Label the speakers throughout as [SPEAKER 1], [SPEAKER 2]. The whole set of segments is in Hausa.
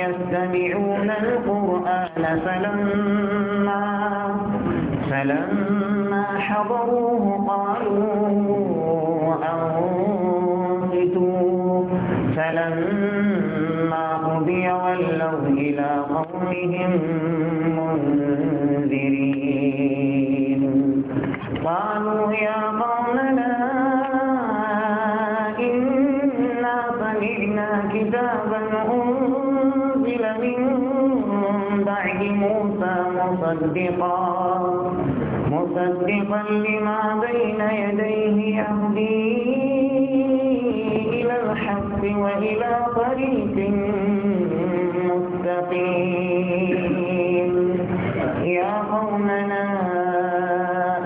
[SPEAKER 1] يستمعون القرآن فلما, فلما حضروه قالوا أنفتوا فلما قضي ولوا إلى قومهم مصدقا مصدقا لما بين يديه يهدي إلى الحق وإلى طريق مستقيم يا قومنا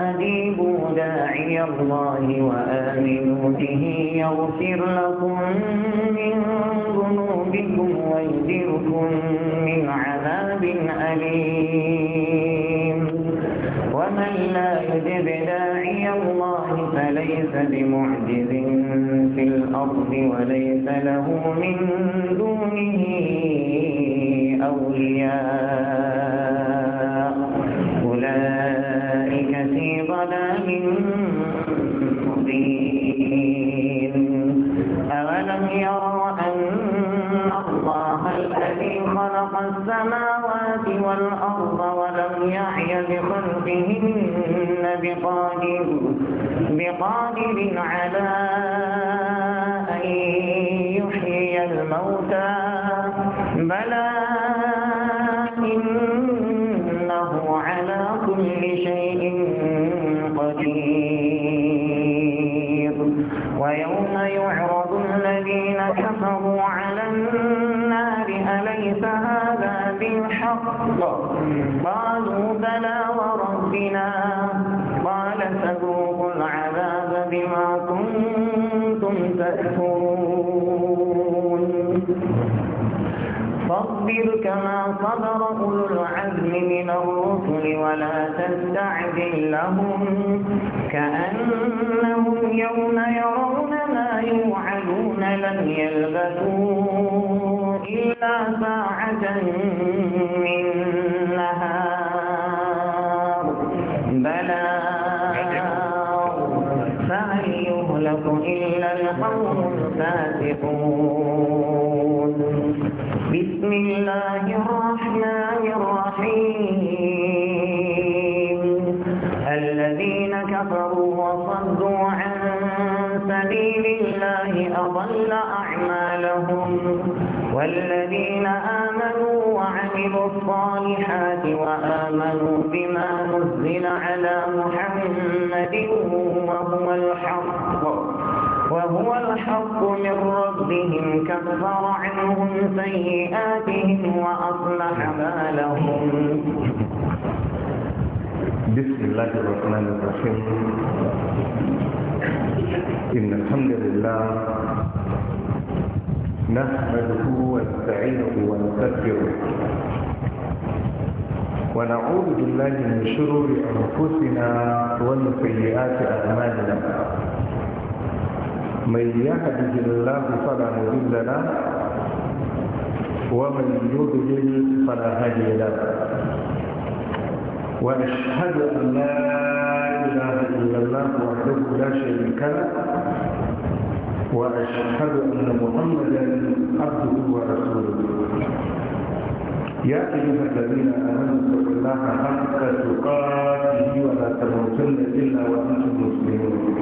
[SPEAKER 1] أجيبوا داعي الله وآمنوا به يغفر لكم من ذنوبكم ويجركم من عذاب أليم يطلب الله فليس بمعجز في الأرض وليس له من دونه أولياء أولئك في ضلال مبين قادر على أن يحيي الموتى بلى إنه على كل شيء قدير ويوم يعرض الذين كفروا على النار أليس هذا بالحق قالوا بلى وربنا قال فذوقوا يؤفكون فاصبر كما صبر أولو العزم من الرسل ولا تستعجل لهم كأنهم يوم يرون ما يوعدون لم يلبثوا إلا ساعة من نهار الله الرحمن الرحيم الذين كفروا وصدوا عن سبيل الله أضل أعمالهم والذين آمنوا وعملوا الصالحات وآمنوا بما نزل على محمد وهو الحق وهو الحق من ربهم كفر عنهم سيئاتهم وأصلح بالهم
[SPEAKER 2] بسم الله الرحمن الرحيم إن الحمد لله نحمده ونستعينه ونستغفره ونعوذ بالله من شرور أنفسنا ومن سيئات أعمالنا من يهده الله فلا مضل له ومن يضلل فلا هادي له واشهد ان لا اله الا الله وحده لا شريك له واشهد ان محمدا عبده ورسوله يا ايها الذين امنوا اتقوا الله حق تقاته ولا تموتن الا وانتم مسلمون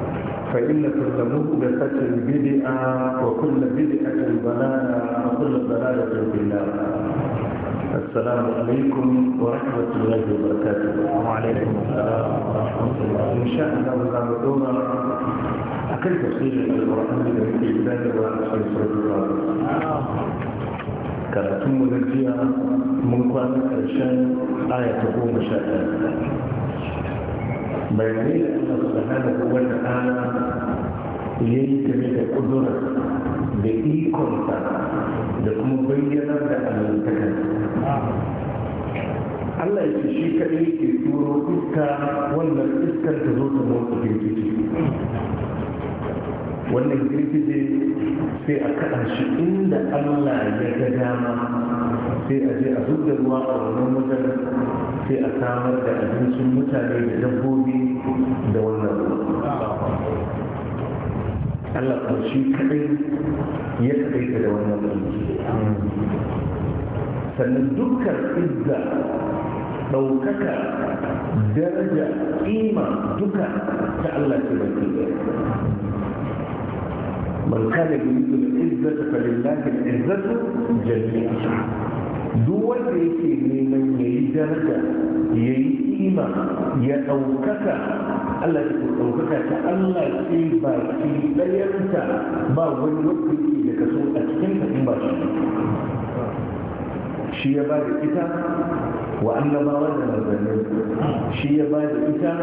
[SPEAKER 2] فإن كل مهدسة بدعة وكل بدعة ضلالة وكل ضلالة في النار السلام عليكم ورحمة الله وبركاته وعليكم السلام ورحمة الله إن شاء الله تعالى دورا أكل تفسير القرآن في البلاد وفي سورة الرابع كراتم نجيا من قرآن الشام آية 10 bayanai da Allah subhanahu wa ta'ala yayi game da kudura da ikonsa da kuma bayyanar da alantakar Allah ya ce shi kaɗai ke turo iska wannan iskar ta zo ta motsa jirgin wannan girgije sai a kaɗa shi inda allah ya ga dama sai a je a da ruwa a wannan wajen sai a samar da abincin mutane da dabbobi da wannan allah ƙarshe kaɗai ya kaɗaita da wannan sannan dukkan izza ɗaukaka daraja ƙima duka ta Allah ce baki man kana yi al-izzata falillahi al-izzatu jami'a duk wanda yake neman yayi daraja ya yi ƙima ya ɗaukaka Allah ta ɗaukaka ta Allah ce baki ɗayanta ba wani wanda yake da kaso a cikin ta in ba shi shi ya ba da ita wa annabawa da manzannin shi ya ba da ita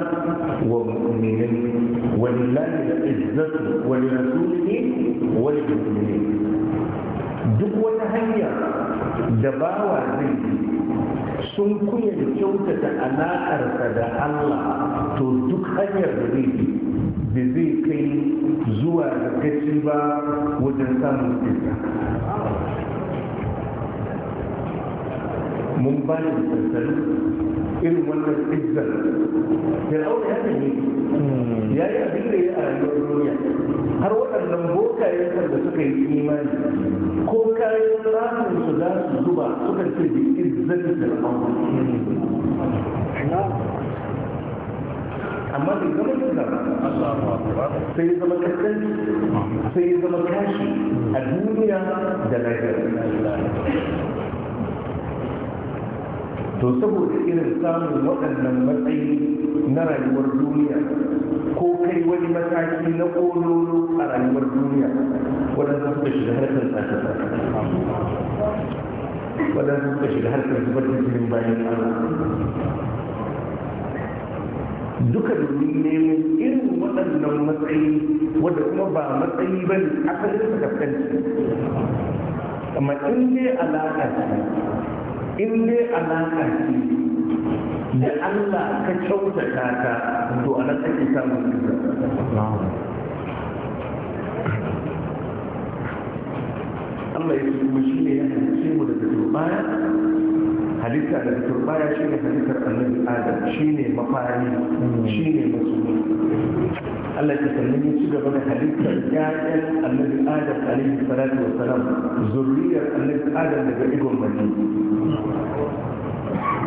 [SPEAKER 2] wa mu'minin walillahi al-izzatu wa li rasulihi wa lil mu'minin duk wata hanya da bawa zai sun kuya da kyautata alaƙarsa da Allah to duk hanyar da zai da zai kai zuwa ga gaci ba wajen samun iska mun ba da sansanin irin wannan izzan fir'auna ya sanye hmm. ya yi abin da ya a rayuwar duniya har waɗannan bokayen da suka yi imani ko kayan ramin su za su zuba suka ce da izzan fir'auna amma bai zama kisa ba sai ya zama kaskanci sai ya zama kashi a duniya da lafiya to saboda irin samun waɗannan matsayi na rayuwar duniya ko kai wani mataki na ƙololo a rayuwar duniya waɗanda suka shiga harkar tsakasa tsaka waɗanda suka shiga harkar zubar da jirin bayan Allah duka domin nemo irin waɗannan matsayi wadda kuma ba matsayi ba ne a asalin kaskanci amma in dai alaƙa ce in dai alaƙa ce da Allah ka kyautata ta to a nan kake samun Allah ya kuma shi ne ya hanci mu daga turbaya halitta daga turbaya shi ne halittar annabi adam shi ne mafari shi ne masu Allah ya sannan ya ci gaba da halittar ƴaƴan annabi Adam alaihi salatu wa salam zuriyar annabi Adam daga igon bane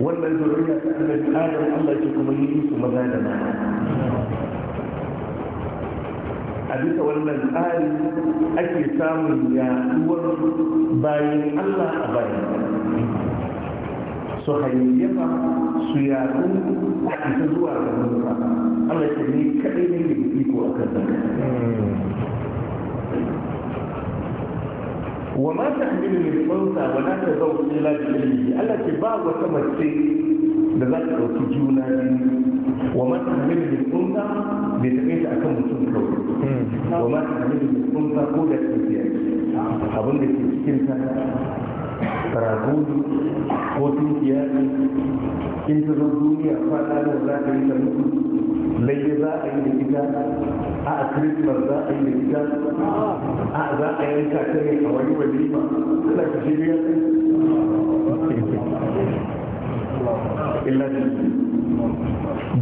[SPEAKER 2] wannan zuriya ta annabi Adam Allah ya kuma yi su maza da mata a bisa wannan tsari ake samun yaduwar bayan Allah a bayan su hayyafa su yaɗu a cikin zuwa ga manufa Allah ya ne kaɗai ne da iko a kan zaka wa ma ta hajjini ne tsawonsa wa na ta zau ila da ilimi Allah ce ba wata mace da za ta ɗauki juna wa ma ta hajjini mai tsawonsa bai taɓe ta akan mutum kawai hmm. wa ma ta hajjini mai tsawonsa ko da ta fiye abin da ke cikin ta ragudu ko tunkiya kin ta zo duniya fada da za ka yi da mutu lalle za a yi da ita a a christmas za a yi da ita a za a yi ta yi a wani walima kada ka shi biya illa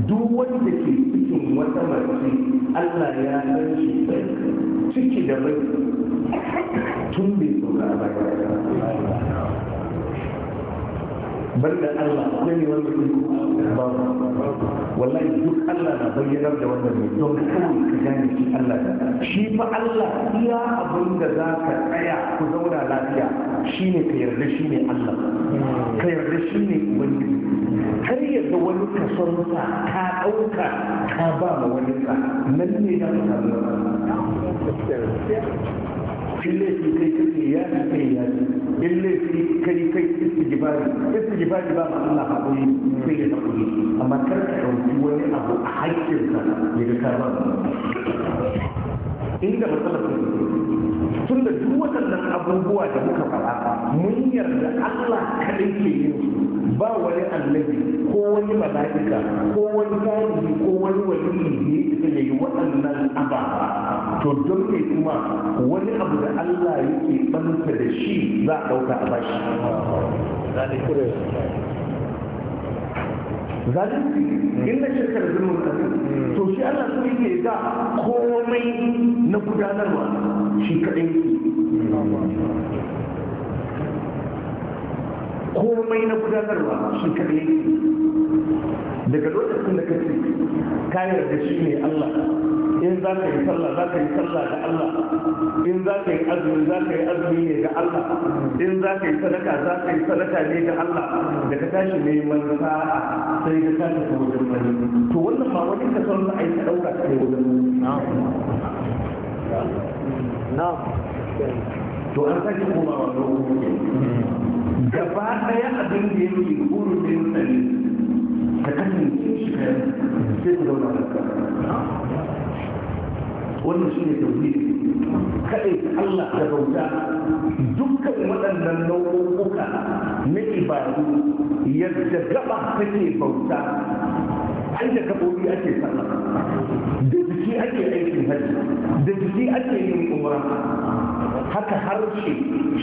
[SPEAKER 2] duk wanda ke cikin wata mace Allah ya san shi ciki da bai tun bai sauka a baya da Allah akwai ne wanda ke ba wallahi duk Allah na bayyana da wannan mai don kawai ka gane shi Allah da shi fa Allah iya abin da za ka tsaya ku zauna lafiya shine ka yarda shine Allah ka yarda shine ubangiji har yadda wani kason sa ka ɗauka ka ba ma wani sa nan ne da fi in laifi kai kake ya fi kai ya fi in laifi kai kai istijibari istijibari ba ma Allah haƙuri sai ya haƙuri amma kar ka ɗauki wani abu a haƙƙinsa ya ga ka ba inda matsalar ta tun da duk waɗannan abubuwa da muka faɗa mun yarda Allah kaɗai ke yin su ba wani annabi ko wani mala'ika ko wani zalibi ko wani waliyi to don ne kuma wani abu da Allah yake banta da shi za a ɗauka a bashi zalunci inda shirkar zulmun kadir to shi Allah so yake ga komai na gudanarwa shi kaɗai komai na gudanarwa shi kaɗai daga lokacin da kace kayan da shi ne Allah in za ka yi sallah za ka yi sallah ga Allah in za ka yi azumi za ka yi azumi ne ga Allah in za ka yi sadaka za ka yi sadaka ne ga Allah da ka tashi neman sa'a sai ka tashi ka wajen mani to wannan ba wani ka san ai ka dauka ka wajen na'am to an sake komawa ga hukumin gaba daya abin da yake hurumin sani ka kasance shi kayan sai ku zauna da wannan shine tauhid kadai Allah da bauta dukkan waɗannan nau'uka na ibadu yadda gaba take bauta ai da kafofi ake sallah da jiki ake aikin hajji da jiki ake yin umra haka har shi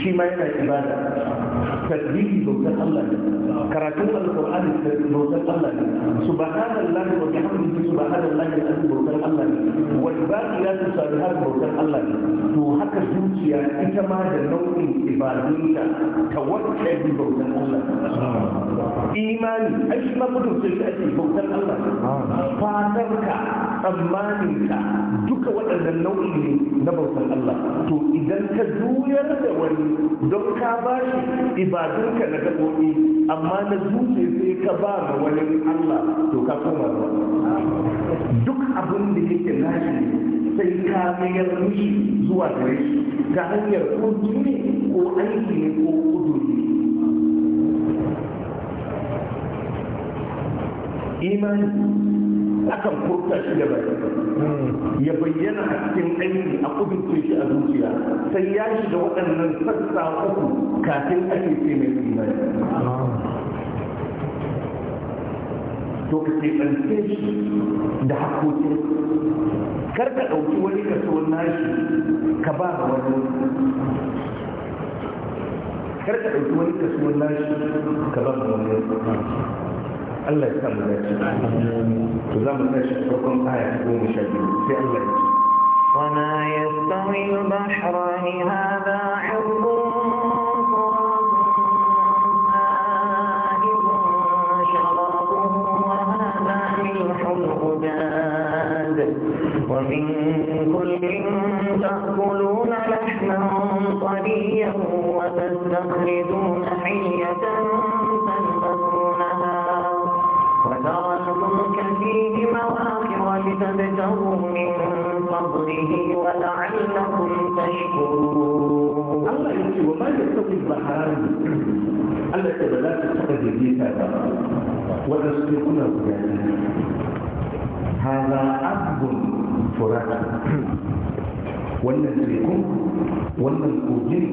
[SPEAKER 2] shi ma yana ibada tasbihi bautar Allah ne karatun alqur'ani bautar Allah ne subhanallahi wa bihamdihi subhanallahi alazim bautar Allah ne wal baqiyatu salihat bautar Allah ne to haka zuciya ita ma da nau'in ibadunta tawakkali bautar Allah imani ai shi ma gudun sai ake bautar Allah fatar ka tsammanin ka duka waɗannan nau'i ne na bautar Allah to idan ka juyar da wani don ka ba shi ibadunka na gaɓoɓi amma na zuce sai ka ba ma wani Allah to ka koma ba duk abin da yake nashi sai ka mayar mishi zuwa gare shi ga hanyar ko ne ko aiki ne ko kuduri imani akan furta shi da baki ya bayyana a cikin aiki a kudurce shi a zuciya sai ya shiga waɗannan sassa uku kafin ake ce mai imani to ka keɓance shi da hakokin kar ka ɗauki wani kaso nashi ka ba wani kar ka ɗauki wani kaso nashi ka ba wani الله يسلم ذاته تزام الناس تركم آية تكون مشاهدين في الله
[SPEAKER 1] وما يستوي البحران هذا عرض ومن كل تأكلون لحما طريا وتستخرجون حية وتركتم فيه مواقع لتبتغوا من
[SPEAKER 2] فضله ولعلكم تشكرون الله يقول وما يستوي البحران التي لا تستوي بها ولا يستوي هذا عذب فرات wannan tekun wannan kogin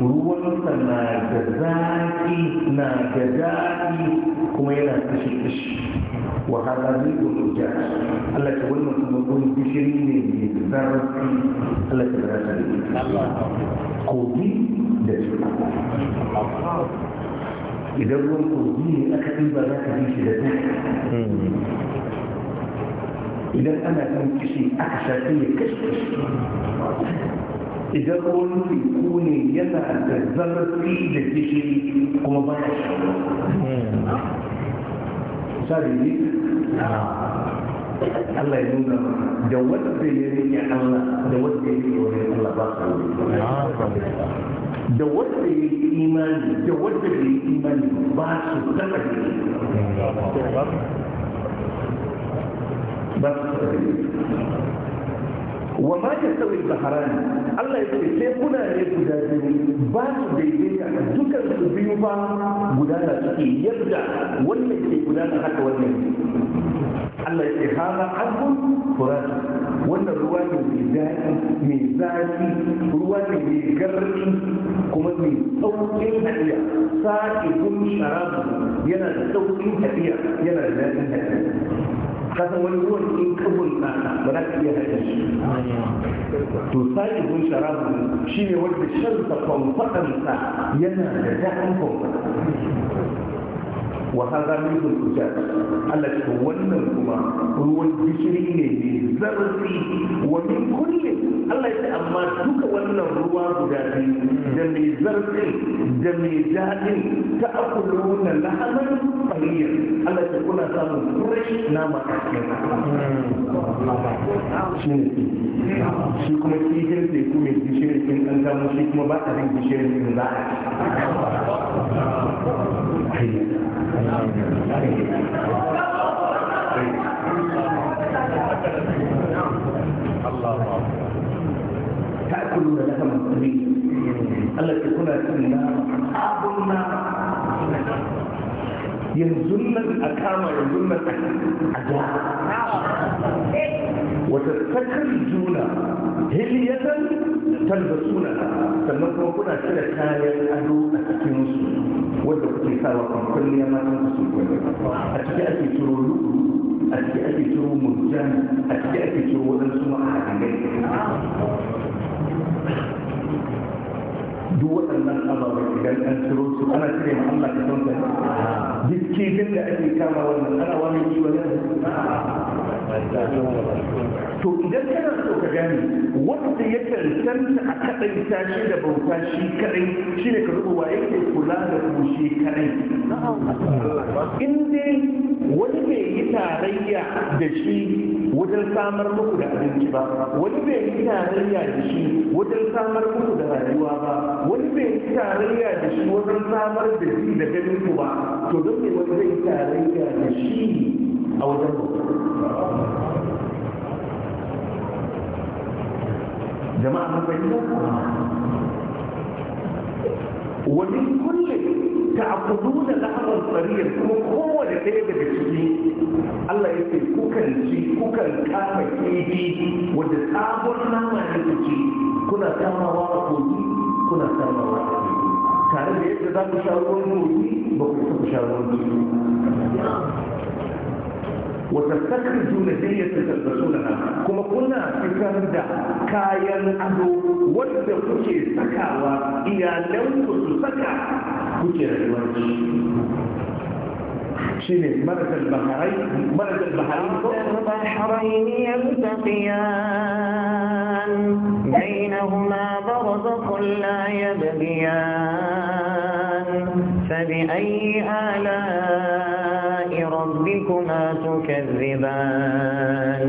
[SPEAKER 2] ruwansa na da zaki na da zaki kuma yana kashe kashe wa hada zai ko ja Allah ta wannan kuma kun gishiri ne mai zarafi Allah ta zarafi kogi da teku idan ruwan kogi ne aka ba za ka ji shi da teku إذا أنا أنكسي أكسافية كسكس إذا قلت كوني يتا أتذر في جديسي كما ضيع الشعور ساري لي الله يقول دوت بيري يا الله دوت بيري يا الله باقر دوت بيري إيماني دوت بيري إيماني باقر تقدر ba su wa ma ta sauyi baharan Allah ya ce sai kuna ne guda biyu ba su daidaita a dukkan su biyu ba gudana suke yadda wannan ke gudana haka wannan Allah ya ce hana abun furat wannan ruwa ne mai daɗi mai zafi ruwa ne mai garɗi kuma mai sauƙin hadiya sa'i kun sharabu yana da sauƙin hadiya yana da daɗin hadiya ka san wani ruwan in ka gulma ba za ka iya haɗa shi to sai gun sharabu shine wanda shan sa kwamfadansa yana da daɗin kwamfada wa haza minul hujjat Allah ce wannan kuma ruwan gishiri ne mai zarfi wa min kulli Allah ya amma duka wannan ruwa guda biyu da mai zarfi da mai daɗin ta akuluna lahaman fahiyar Allah ya kuna samun kurai nama a cikin shi kuma kifin teku kuma gishiri in an samu shi kuma ba a yin gishirin in za a ci Allah ta'ala. Ta'kulu da kuma tsari. Allah ta kuna cin na abun yanzu nan a kama yanzu nan a ja wata sakar juna hiliyatan talbasuna sannan kuma kuna cire kayan ado a cikin su wanda kuke sawa kwamfani ya matan su a ciki ake turo lulu a ciki ake turo murjan a ciki ake turo waɗansu ma'adanai duk waɗannan ababen idan an ciro su ana cire ma Allah ka san sai duk kifin da ake kama wannan ana wani yi wani to idan kana so ka gane wanda ya cancanta a kaɗai tashi da bauta shi kaɗai shi ne ka rubu yake kula da ku shi kaɗai in dai wani bai yi tarayya da shi wajen samar muku da abinci ba wani bai yi tarayya da shi wajen samar muku da rayuwa ba wani bai yi tarayya da shi wajen samar da ji da ganin ku ba to don me wani zai yi tarayya da shi a wajen jama'a mun fahimta ومن كل تأخذون لحم الصرير كما هو لديه بشيء الله يسير kasance kukan kama kifi wanda sabon nama ne kuke kuna samawa a kogi kuna samawa a kogi tare da yadda za ku sha ruwan kogi ba ku taɓa sha ruwan kogi wata sakar juna jiya ta tabbasu suna nan kuma kuna fitar da kayan ado wanda kuke sakawa iyalanku su saka kuke rayuwar shi شيء مرج البحرين البحرين
[SPEAKER 1] البحرين يلتقيان بينهما برزق لا يبغيان فبأي آلاء ربكما تكذبان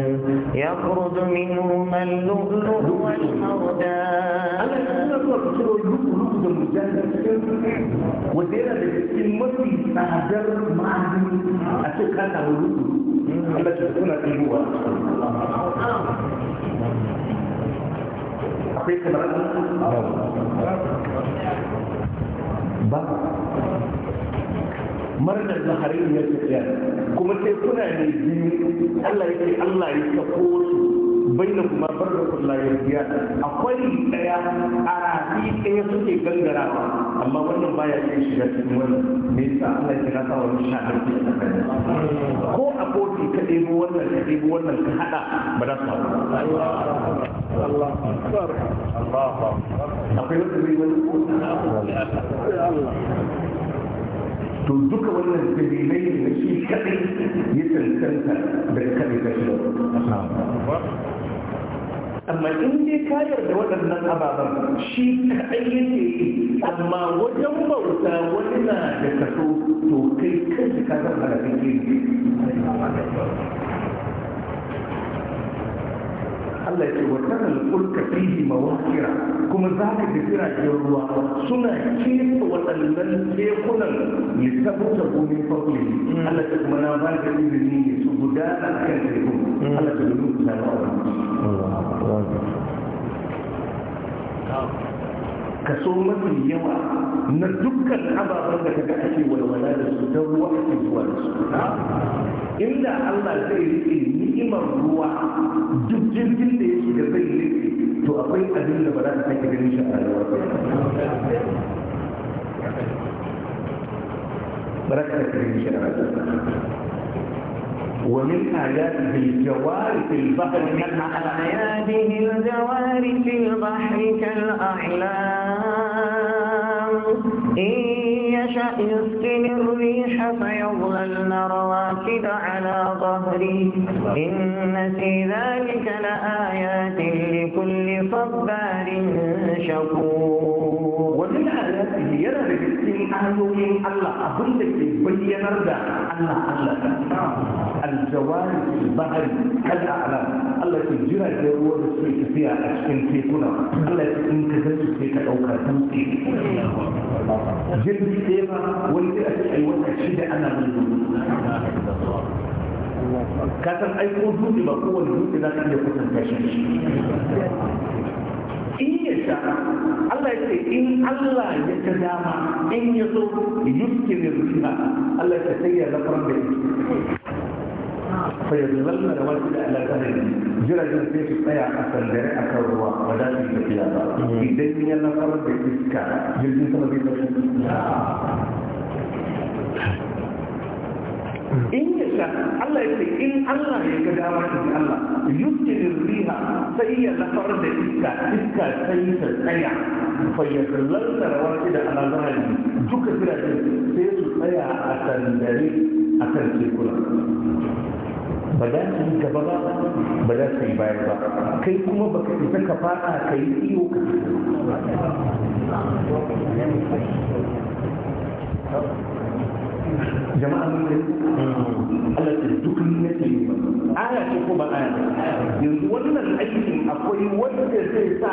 [SPEAKER 1] يخرج منهما
[SPEAKER 2] اللؤلؤ والمردان da mujallar wanda yana da cikin mafi tsadar ma'adini a cikin kasa wani rudu Allah ce suna ɗigowa akwai kamar ba murnar zaharin ya kuma sai kuna ne biyu Allah ya ce Allah ya kafo su baina kuma farqul la yabiya akwai daya arafi daya suke gangara amma wannan baya iya shiga cikin wannan me yasa Allah ya kira ta wannan shahadi ko a kofi ka wannan ka ɗebo wannan ka hada ba Allah Allah akbar akwai wata wani ko Allah to duka wannan dalilai ne shi kadai ya da kadai da shi amma in dai kayar da waɗannan ababen shi kaɗai yake yi amma wajen bauta wani na da kaso to kai kai ka zama da kake Allah ya ce wa tanal kulka fihi mawakira kuma za ka ji jiragen ruwa suna kisa waɗannan tekunan littafuta gumi fagli Allah ta kuma na ba da izini ne su gudana a kan tekun Allah ta gudu su zama Ka so mafi yawa na dukkan ababen da kaga ake walwala da su ta ruwa ake zuwa da su inda Allah zai rike ni'imar ruwa duk jirgin da ya shiga zai leke to akwai abin da ba za ta sake ganin shi a rayuwar ba ba za ta sake ganin shi a rayuwar ومن آياته الجوار في البحر من آياته
[SPEAKER 1] الجوار في البحر كالأعلام إن يشأ يسكن الريح فيظللن رواكد على ظهره إن في ذلك لآيات لكل صبار شكور ومن آياته
[SPEAKER 2] ينبغي hanyoyin Allah abin da ke bayyanar da Allah Allah aljawari bahari kal Ala. Allah ke jira da ruwa da suke tafiya a cikin tekuna Allah ya in ka ga su ka dauka tamsi jirgi ke ba wani da ake aiwata shi da ana mulki ka san aiko dutse ba kowane dutse za ka iya kusanta shi in ya sha ce in Allah ya ta dama in ya so yuskin rizqa Allah ta sai ya zafar da shi da wani da Allah jiragen sai su tsaya a sandare a kan ruwa ba za ba mm-hmm. idan ya nafar da iska jirgin sama zai in ya sha Allah ya ce in Allah ya ga dama ta Allah yusjidin riha sai ya lafar da iska iska sai ta tsaya fayyakar lantar wasu da alazari duka jiragen sai su tsaya a sandare a kan tekuna ba za su yi gaba ba ba za su yi baya ba kai kuma ba ka isa ka fada ka yi iyo ka jama'a mun Allah ta duk ne ke aya ce ko ba aya yanzu wannan aikin
[SPEAKER 3] akwai wanda zai sa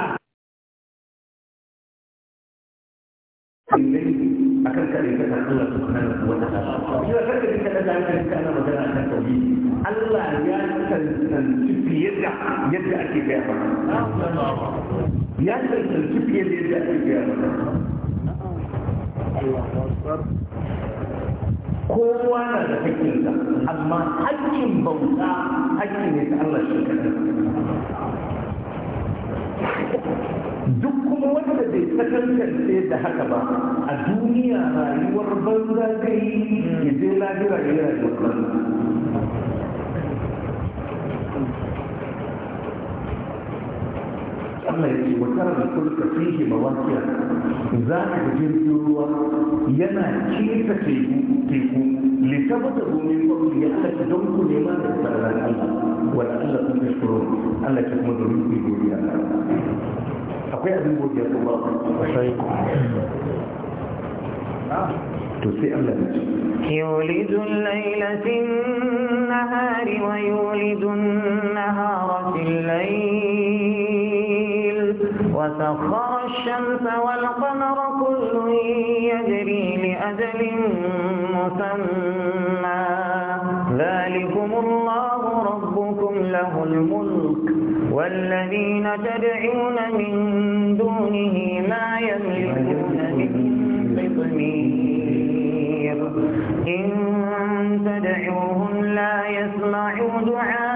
[SPEAKER 2] akan kare ka ta Allah subhanahu wa ta'ala ina kake da kada da kake kana magana akan tauhid Allah ya tantance fiye da yadda ake kai ba ya tantance fiye da yadda ake kai ba Allah akbar kowa na da hakkinsa amma hakkin bauta hakkin ne ta Allah shi duk kuma wanda bai sakantance da haka ba a duniya rayuwar banza zai yi ya je lahira ya rayuwar banza Allah ya ce wa karar kulka fihi mawaqiya za ka jirgin ruwa yana keta teku teku litabata domin kwakwa ya halatta don ku nema da tsarar Allah wani Allah sun da shuru Allah ta kuma domin ku godiya akwai abin godiya kuma sai to sai Allah ya ce yulidu al-layla fi
[SPEAKER 1] an-nahari wa yulidu an-nahara fi al-layl وسخر الشمس والقمر كل يجري لأجل مسمى ذلكم الله ربكم له الملك والذين تدعون من دونه ما يملكون من قطمير إن تدعوهم لا يسمعوا دعاءهم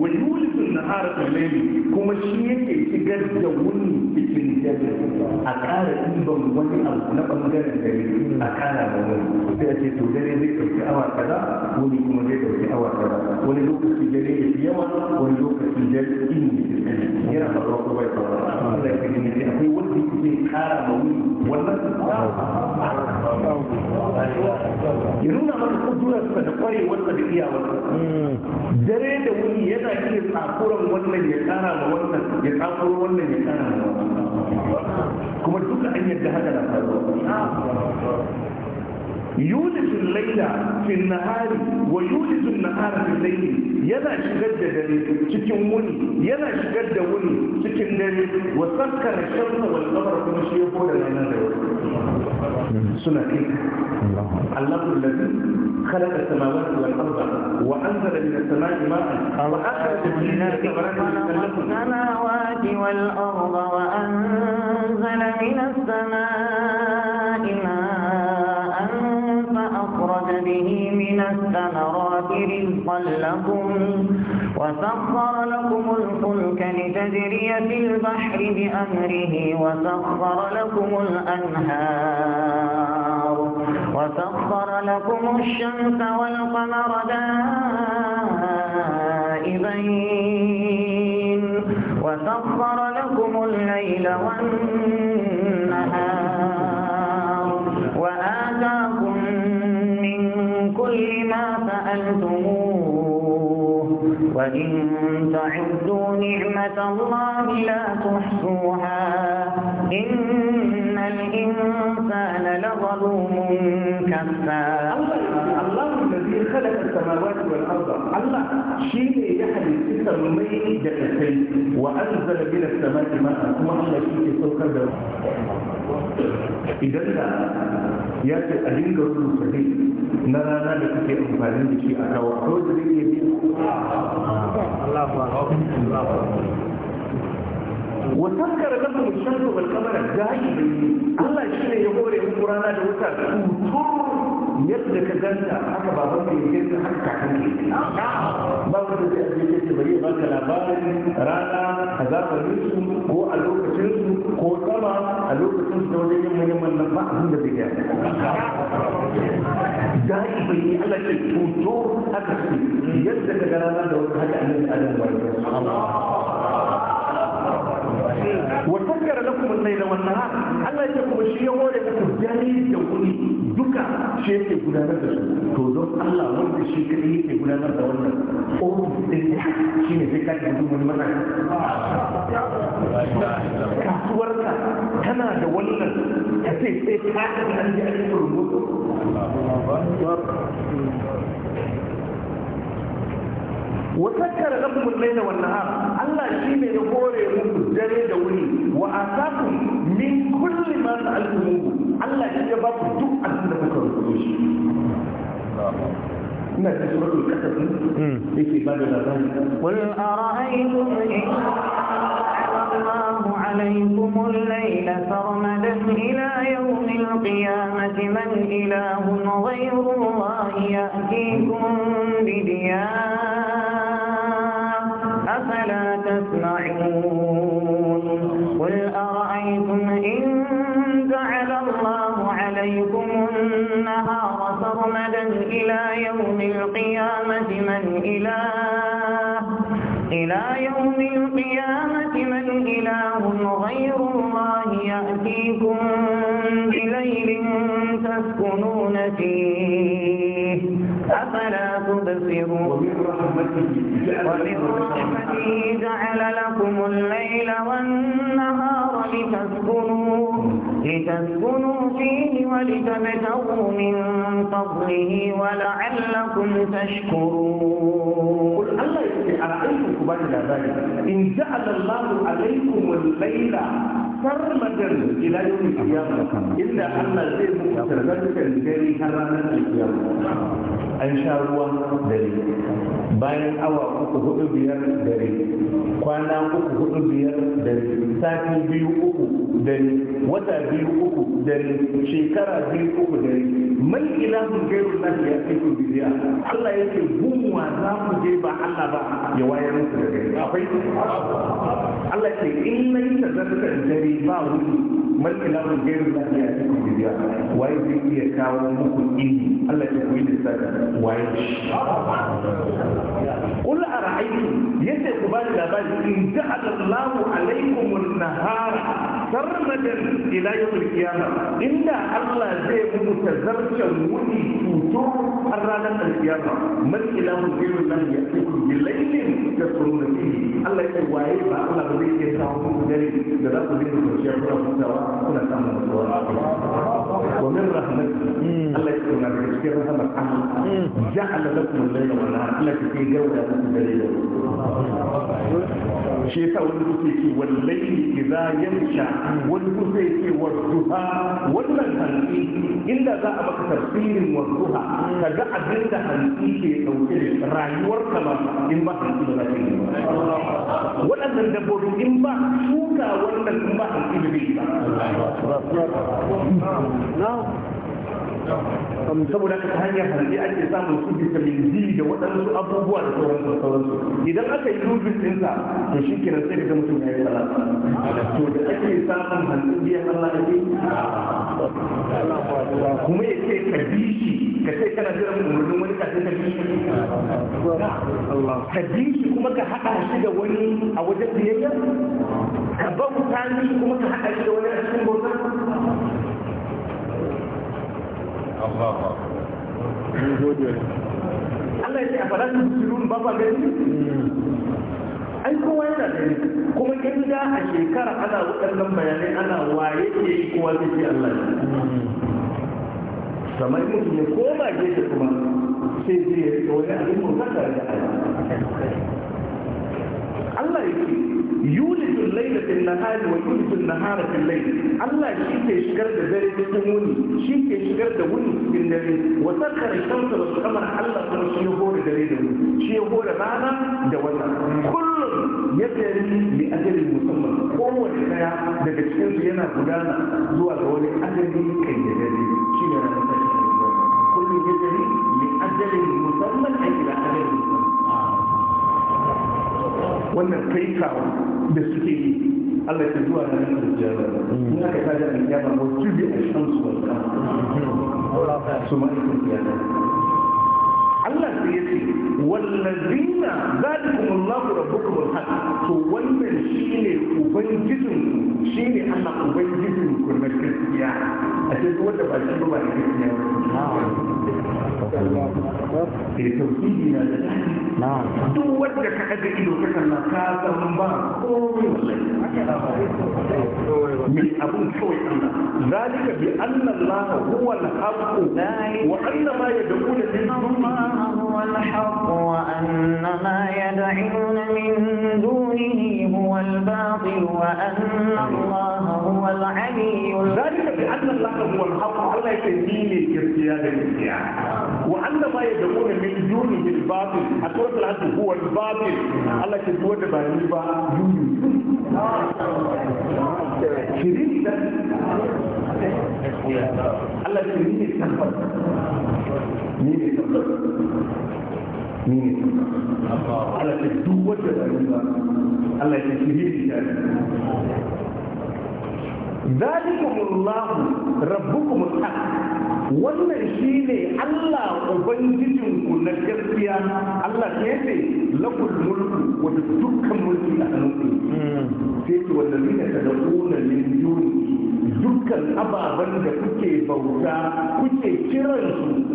[SPEAKER 2] wa yulisu nahara fil kuma shi yake shigar da wuni cikin dare a ƙara ɗiban wani abu na ɓangaren dare a ƙara da wani sai a ce to dare zai ɗauki awa kaza wuni kuma zai ɗauki awa kaza wani lokaci dare ya fi yawa wani lokaci dare in ne yana faruwa ko bai faruwa Allah ya kaji akwai wanda yake ƙara ma wuni wannan ya nuna maka kudurarsa da kwarewarsa da iyawarsa dare da wuni yana iya tsakuran wannan ya kara ma wannan ya tsakuro wannan ya kara ma wannan kuma duka an yadda haka na faruwa يولد الليلة في النهار ويولد النهار في الليل يلا شغل دني تكن وني يلا شغل دوني تكن دني وسكر الشمس والقمر في شيء يقول لنا سنتي الله الله الذي خلق السماوات والارض وانزل من السماء ماء واخرج من النار السماوات
[SPEAKER 1] والارض وانزل من السماء الثمرات رزقا لكم وسخر لكم الفلك لتجري في البحر بأمره وسخر لكم الأنهار وسخر لكم الشمس والقمر دائبين وسخر لكم الليل والنهار فعلتموه وإن تعدوا نعمة الله لا تحصوها إن الإنسان
[SPEAKER 2] لظلوم كفار الله الذي خلق السماوات والأرض الله شيء يحدث في السماء جنتين وأنزل من السماء ماء وأحلى شيء سوكر إذا ya ce a dinga rubuta ne na rana da kake amfani da shi a kawo ko da zai yi biyu wasan karatun mu shan to balkamara gaji Allah shi ne ya hore muku rana da wuta tutur
[SPEAKER 4] yadda ka ganta haka baban ka yake haka kakan ke
[SPEAKER 2] ba wanda zai aje ke ce bari ba ka labarin rana a zamanin su ko a lokacin su ko sama a lokacin su da wajen yin muhimman nan ba abin da zai gaya da'i bai yi ala ke tuto haka su yadda ka gana da wata haka annabi adam ba ya وسكر لكم الليل والنهار الله يجب ان يكون لكم جليل يومي duka shi yake gudanar da su to don Allah wanda shi kadai yake gudanar da wannan ko din shi ne sai ka ta gudun wani mana kasuwar ka tana da wannan ta sai sai ka ta da an ji an yi rubutu وسكر لكم الليل والنهار الله شيء يقول لكم الدليل دولي وآتاكم من كل ما سألتموه Allah shi ya ba ku duk abin da kuka rubuto shi ina da suratul kasas yake ba da labari qul
[SPEAKER 1] ara'aytum in الله عليكم الليل سرمدا إلى يوم القيامة من إله غير الله يأتيكم بديان أفلا النهار سرمدا إلى يوم القيامة من إله إلى يوم القيامة من إله غير الله يأتيكم بليل تسكنون فيه أفلا تبصرون
[SPEAKER 2] ومن رحمته
[SPEAKER 1] جعل لكم الليل والنهار لتسكنوا,
[SPEAKER 2] لتسكنوا
[SPEAKER 1] فيه ولتبتغوا من فضله ولعلكم تشكرون
[SPEAKER 2] قل الله يسأل أنتم كبار إن جعل الله عليكم الليل sarmadan ila yau kiyama inda Allah zai muku sarmadan gari har ranar kiyama an sha ruwan dare bayan awa uku hudu biyar dare kwana uku hudu biyar dare sati biyu uku dare wata biyu uku dare shekara biyu uku dare man ilahun gairu lahi ya kai ku Allah ya ce gunwa za ku je ba Allah ba ya wayar musu da gari akwai Allah ce in na yi tazarkar dare ba wuri man ilahun gairu lahi ya kai ku waye zai iya kawo muku ini Allah ya ku yi lissafi waye قل أرأيتم da قبال الأبال إن جعل الله عليكم النهار سرمدا إلى يوم القيامة إن الله زي متزرد wancan wuni tuto har ranar alkiyama matsila mu zai mun nan ya tuku bi lailin da sunnati Allah ya waye ba Allah ba zai iya samu muku dare da za ku dinga kwanciyar kuna hutawa kuna samun nutsuwa wa min rahmat Allah ya tsona da cikin rahmar Allah hmm. ja'ala lakum al-layla wa an-nahara Allah ya gaura muku dare da shi yasa wani kusa ce wallahi idza yamsha wani kusa ce wa duha wannan hanzi inda za a baka tafsirin wa duha ka ga abin da hanzi ke dauke rayuwar ka ba in ba hanzi ba za ka yi ba waɗannan dabbobi in ba shuka wannan in ba hanzi ba zai yi ba saboda ka hanyar hanzi ake samun su vitamin D da waɗansu abubuwa da sauransu sauransu idan aka yi lubin ɗinsa to shi kenan sai ga mutum ya yi salata to da ake samun hanzi biya Allah ne kuma ya ce ka bi shi ka sai kana jiran umarnin wani ka sai ka bi shi ka bi shi kuma ka haɗa shi da wani a wajen biyayya ka bauta ni kuma ka haɗa shi da wani a cikin bautar
[SPEAKER 4] Allah ya
[SPEAKER 2] ce a gani ai kowa yana gani kuma a shekara ana waɗannan bayanai ana waye ke yi kowa ce Allah ya mutum ya koma gefe kuma sai zai abin da Allah ya ce يولد الليل في النهار ويولد النهار في الليل الله شيء يشكر ده داري cikin wuni shi ke shigar da wuni cikin dare wa sakara shamsa wa kamar Allah kuma shi ya hore dare da wuni shi ya hore rana da wata kullum ya tsari mai ajalin musamman kowane daya daga cikin su yana gudana zuwa ga wani ajalin kai da dare shi ne ranar tashi kullum ya tsari mai ajalin musamman a ila ajalin musamman wannan kaikawa da suke yi Allah ke zuwa da nan da jiyar in aka tashi da kiyama ko tubi a shan su wal su ma Allah sai ya wallazina zalikumullahu rabbukumul haq to wannan ne ubangijin shine Allah ubangijin ku na gaskiya a ce ko wanda ba shi ba da gaskiya ke eh, tauhidi na da duk wanda ka kaga ido ka kalla ka zama ba komai wallahi من ذلك بأن الله هو الحق وأن ما يدعون
[SPEAKER 1] من الله هو الحق وأن ما يدعون من دونه هو الباطل وأن
[SPEAKER 2] الله هو العلي ذلك بأن الله هو الحق على سبيل الكرسيان وأن ما يدعون من دونه الباطل أقول العدل هو الباطل الله كتبوه من يبقى shirin da Allah shirin ne tabbas ni ne tabbas ni ne tabbas Allah ta duk wanda da ذلكم الله ربكم الحق wannan shi ne Allah Ubangijinku na gaskiya Allah ta ce lakul mulku wata dukkan mulki a hannunku sai ce wanda zina ta da ƙuna min dukkan ababen da kuke bauta kuke kiran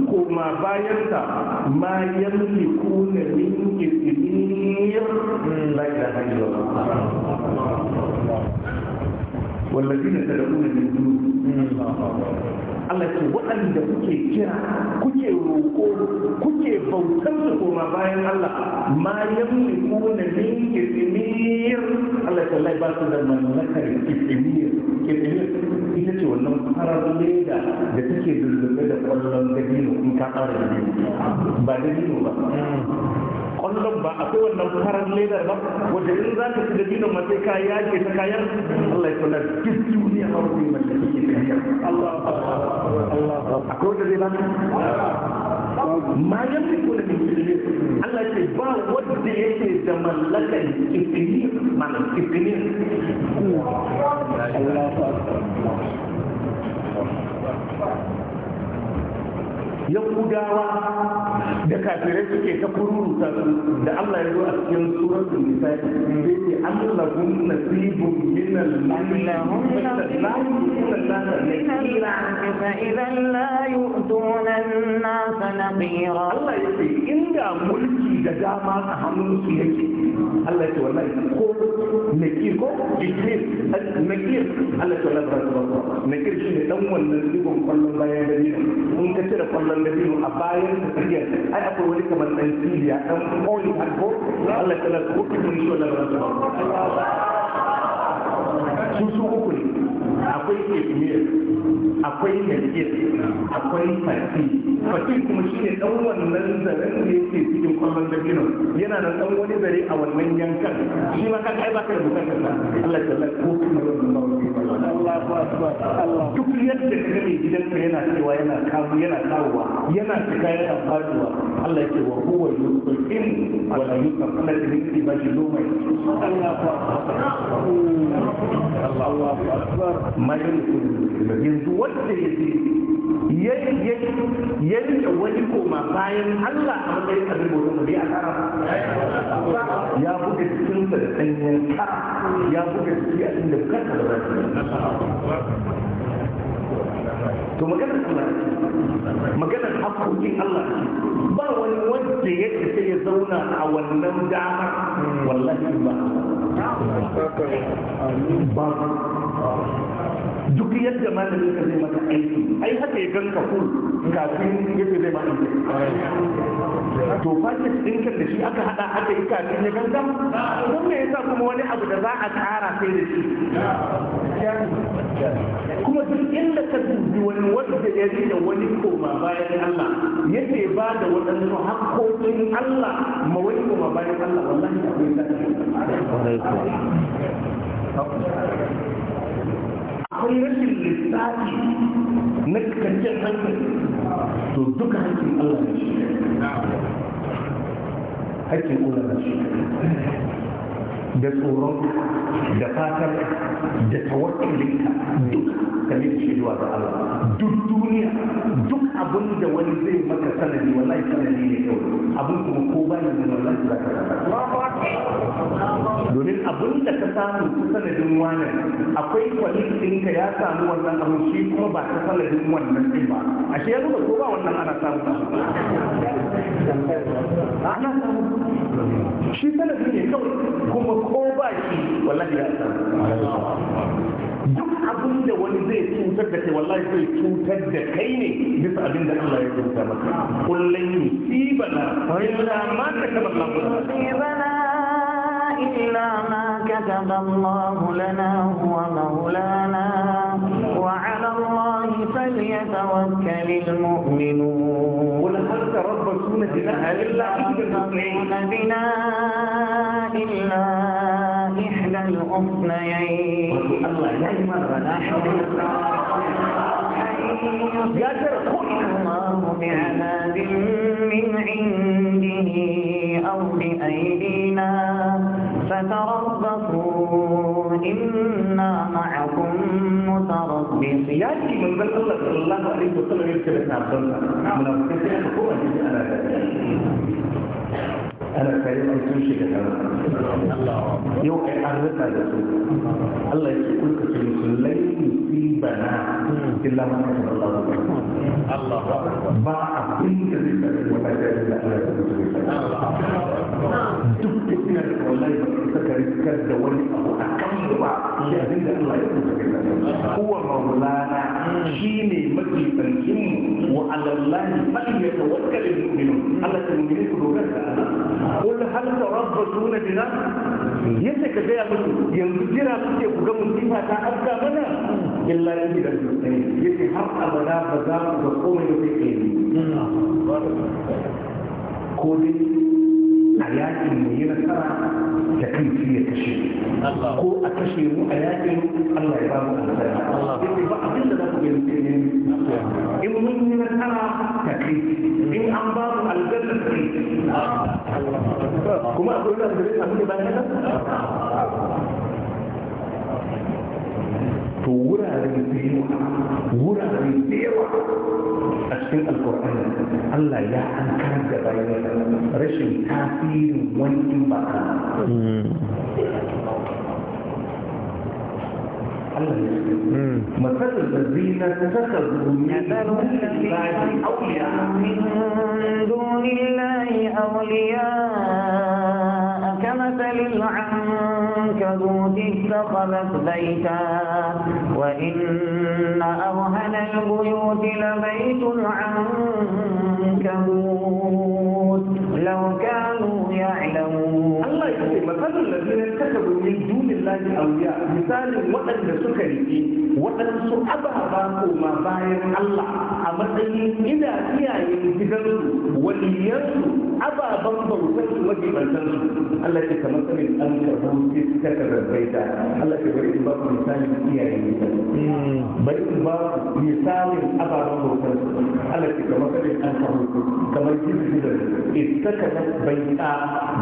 [SPEAKER 2] su ma bayan ta ma yanki kuna min kirkir la ilaha illallah wallazina tad'una min duni Allah ce waɗanda kuke kira kuke roƙo kuke bautar su koma bayan Allah ma ya yamliku ne ke kisimir Allah ta lai ba su da mallakar ke kisimir ita ce wannan farar leda da take dulluɓe da ƙwallon dabino in ka ƙara dabino ba da dabino ba kwallon ba akwai wannan farar ledar ba wanda in za ka ci da dinon mace ka yage ta kayan Allah ya kula da duk ne a wani mace biyar akwai ba ma yan fi kula musulmi Allah ce ba wanda yake da mallakar kifini mana Allah yahudawa da kafirai suke ta kururuta su da Allah ya zo a cikin suratul nisa sai ce allahum nasibun min al-mulki Allah ya ce inda mulki da dama a hannun yake Allah ya ce wallahi ko nakir ko jikir nakir Allah ya ce wallahi nakir shi ne dan wannan dubon kwallon bayan da ni ka cire kwallon sauran da biyu a bayan da siriyar ai akwai wani kamar ɗan siriya ɗan oil a ko Allah ta lafi kuɗi mun shi wannan rasu ba su su uku ne akwai ke akwai yankin akwai fati fati kuma shi ne ɗan wannan zaren da yake cikin kwallon dabino yana da ɗan wani zare a wannan yankan shi ma kan ai baka da bukatar Allah ya Allah ko kuma Allahu akbar Allah duk yadda kake gidanka yana cewa yana kawo yana kawowa yana shiga yana faduwa Allah yake wa huwa yusbin wa la yusbin Allah yake rizqi ba Allahu akbar Allahu akbar yanzu wanda yake yayi yayi da wani koma bayan Allah a matsayin abin gobe ne a kara ya buga cikin da danyen ya buga cikin da kasa da to maganar Allah maganar hakokin Allah ba wani wanda ya kace ya zauna a wannan damar wallahi ba ba duk yadda malamin ka zai mata aiki ai haka ya ganka kul kafin yadda zai maka to package din kan da shi aka hada haka yi kafin ya ganka don me yasa kuma wani abu da za a tsara sai da shi kuma duk inda ka dubi wani wanda ya ji da wani koma bayan Allah yake ba da waɗansu hakkokin Allah ma wani koma bayan Allah wallahi akwai akwai rashin lissafi na cikakken hankali to duka hakkin Allah ne shi hakkin Allah ne shi da tsoron da fatar da tawakkalinka duk ka ne shi zuwa ga Allah duk duniya duk abin da wani zai maka sanadi wallahi sanadi ne kawai abin kuma ko ba ne wallahi za ka saka domin abin da ka samu ta sanadin wani akwai kwalitin ka ya samu wannan abin shi kuma ba ta sanadin wannan din ba ashe ya nuna ko ba wannan ana samu ana samu shi sanadi ne kawai kuma ko ba shi wallahi ya san duk abin da wani zai cutar da kai wallahi zai cutar da kai ne bisa abin da Allah ya cuta maka kullun yusibana illa ma kataba Allah yusibana illa ma kataba
[SPEAKER 1] Allah lana huwa maulana وعلى الله فليتوكل المؤمنون قل هل تربصون بنا إلا إحدى الأثنيين الله يا ترقون الله بعذاب من عنده أو بأيدينا فتربصوا إنا معكم متربصين الله
[SPEAKER 2] أنا كريم أن تنشك كلام يوقع أرضك على سوق الله يقول كتير سليم في بناء إلا ما نحن الله الله ما أبين كريم كريم وما جاءت الله على سوق كريم الله الله الله كريم كريم دولي أبو أكمل الله يقول كريم هو مولانا شيني مجيب وعلى الله فليتوكل المؤمنون الله المؤمنين كلهم قل هل تربصون بنا yadda ka gaya musu yanzu jira kuke ku ga musifa ta afka mana illa ni da sosai yace har abada ba za ku ga komai da kake yi ko dai a yakin mai yi nasara da kan ya kashe ko a kashe mu a yakin Allah ya ba mu aljanna ba abin da za ku gani in mun yi nasara ta kai in an ba mu aljanna ta kai kuma akwai da zai samu da bayan to wuraren da yawa wuraren da yawa a cikin alkur'ani Allah ya an karar da bayan rashin tasirin wani baka مثل الذين اتخذوا من أولياء من
[SPEAKER 1] دون الله أولياء كمثل العنكبوت اتخذت بيتا وإن أرهن البيوت لبيت العنكبوت لو كانوا
[SPEAKER 2] يعلمون الله masalin da zai kasa domin dunin lafi a wuya misalin waɗanda suka riƙe waɗansu ababa koma bayan Allah a matsayin ina iyayen gidansu waliyansu ababen bautar su majibantar su Allah ya kamar sanin an karɓo sai suka karɓaita Allah ya bari in ba ku misalin iyayen gidansu bari in ba ku misalin ababen bautar su Allah ya kamar sanin an karɓo kamar gidansu istaka bai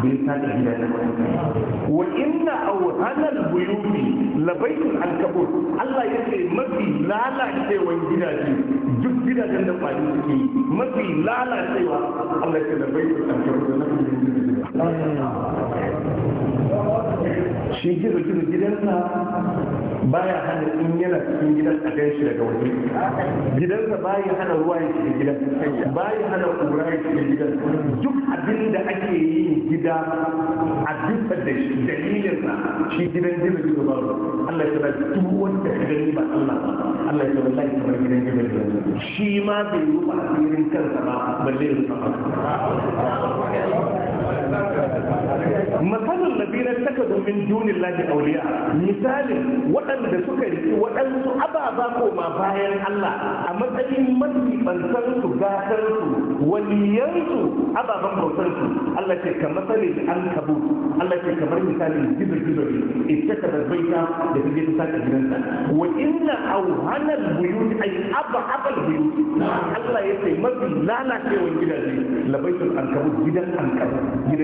[SPEAKER 2] bin ta gidansu wa inna awhanal buyuti labaitul ankabut Allah yace mafi lalacewan gidaje duk gidajen da kwari suke mafi lalacewa Allah ya labaitul ankabut na shi gizo gidan na baya hana in yana cikin gidan a gan shi daga waje gidansa baya hana ruwa ya shiga gidan baya hana kura ya shiga gidan duk abin da ake yi gida a dukkan da shi dalilinsa shi gidan jiru gizo ba Allah ya sanar duk wanda ka gani ba Allah Allah ya tabbata kamar gidan jiru gizo shi ma bai a cikin kansa ba balle ya rufa na saka domin min laji auliya misalin waɗanda suka riki waɗansu ababa ko ma bayan Allah a matsayin mafi bantan su gatar su waliyan su ababan bautar su Allah ce kamar masalin an kabu Allah ce kamar misalin gizir in ce ka ta da ta je ta sake gidansa wa inna awhanal buyut ay aba abal buyut Allah ya ce mafi lalacewar gidaje labaitul an kabu gidan an kabu gidan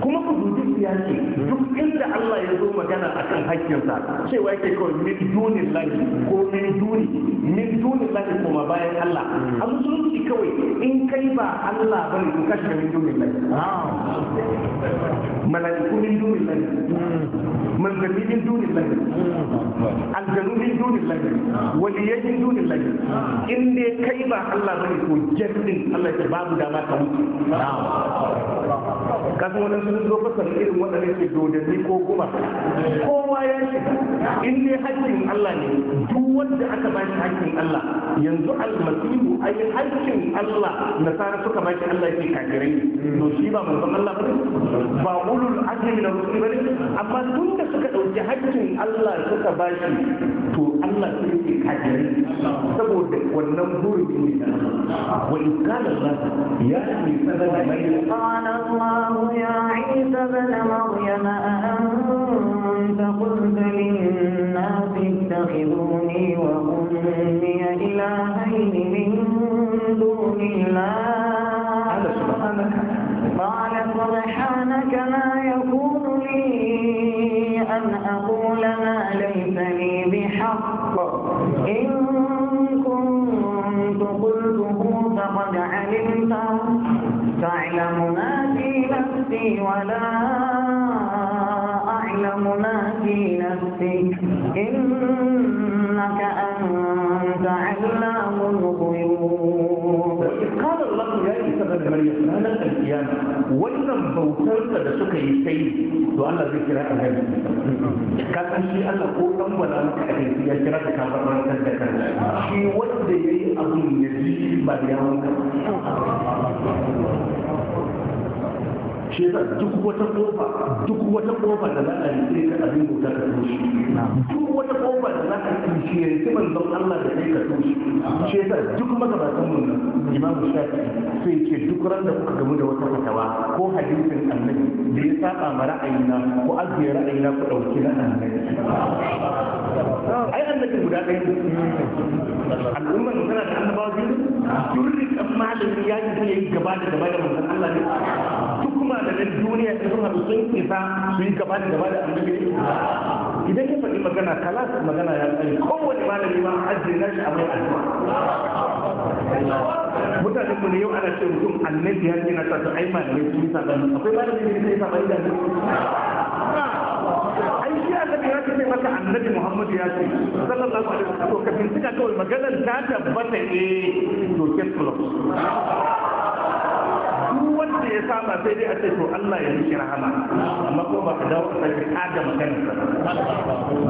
[SPEAKER 2] kuma ku dubi siyasi duk inda Allah ya zo magana akan hakkinsa cewa yake kawai min dunin lahi ko min duni min dunin lahi kuma bayan Allah a musulunci kawai in kai ba Allah ba ne to kashe min dunin lahi mala'iku min dunin lahi manzanni min dunin lahi aljanu min dunin lahi waliyai min dunin lahi in dai kai ba Allah bane ko jaddin Allah ya babu dama ka mutu kasan sun zo fasar irin waɗannan ke dodanni ko kuma kowa ya shiga in dai haƙƙin Allah ne duk wanda aka ba shi haƙƙin Allah yanzu almasihu ai haƙƙin Allah nasara suka ba shi Allah ke kafirai to shi ba manzon Allah ba ba ulul azmi na rusul bane amma tun da suka ɗauki hakkin Allah suka ba shi to Allah su yake kajirai saboda wannan burin ne wa ikala ya ce sadaka mai qala
[SPEAKER 1] Allah ya Isa ibn Maryam أنت قلت للناس اتخذوني وأمي إلهين من دون الله قال سبحانك ما يكون أقول ما ليس لي بحق إن كنت قلته فقد علمته تعلم ما في نفسي ولا تعلم ما في نفسك إنك
[SPEAKER 2] أنت علام الغيوب قال الله يا عيسى بن مريم أنا القيامة وإن بوترت da suka yi sai to Allah zai kira annabi ka san shi Allah ko dan wala maka abin ya kira ka kafar rantar da kan shi wanda yayi abun ya ji ba da yawon ka shi yasa duk wata kofa duk wata kofa da za a yi sai ka abin bauta ka toshe duk wata kofa da za a yi shi ya yi manzon Allah da kai ka toshe shi yasa duk magabatan mun imamu shafi sai ce duk ran da kuka gamu da wata fatawa ko hadisin annabi da ya saba ma ra'ayina ko ajiye ra'ayina ku dauki na annabi ai annabi guda ɗaya al'ummar tana da annabawa biyu yurri kan malami ya ji sai ya yi gaba da gaba da manzon Allah ne nan duniya da sun haɗu sun isa su yi gaba da gaba da annabi idan ya faɗi magana kalas magana ya tsaye kowane malami ma ajiye na shi a mai addu'a mutane mu ne yau ana ce mutum annabi ya ce na sa ai malamai sun yi sabani akwai malami ne sun yi sabani da ai shi annabi ya ce maka annabi muhammadu ya ce sallallahu alaihi wasallam kawai maganar ta tabbata eh to wanda ya saba sai dai a ce to Allah ya mishi rahama amma ko ba ka dawo ka sake kada maganar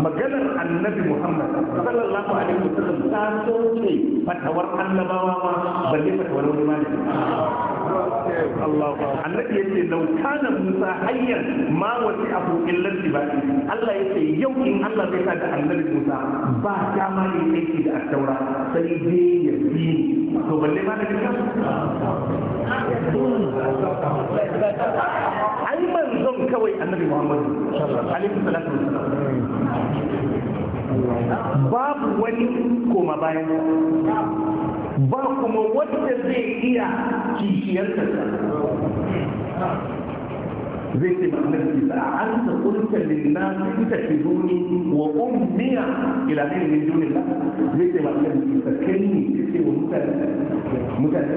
[SPEAKER 2] maganar annabi Muhammad sallallahu alaihi wasallam ta so ce fatawar annabawa ma balle fatawar wani malami annabi ya ce lau kana musa hayyan ma wasi abu illa ba Allah ya ce yau in Allah zai kada annabi musa ba ta dama ne aiki da attaura sai dai ya bi to balle ma da kika ai manzon kawai annabi Muhammadu alaihi salatu wassalam babu wani koma bayan ba kuma wanda zai iya kishiyar kansa zai ce ma annabi isa a anta qulta lin nas ittakhizuni wa ummiya ila ne min dunillah zai ce na, annabi isa kai ne kace wa mutane mutane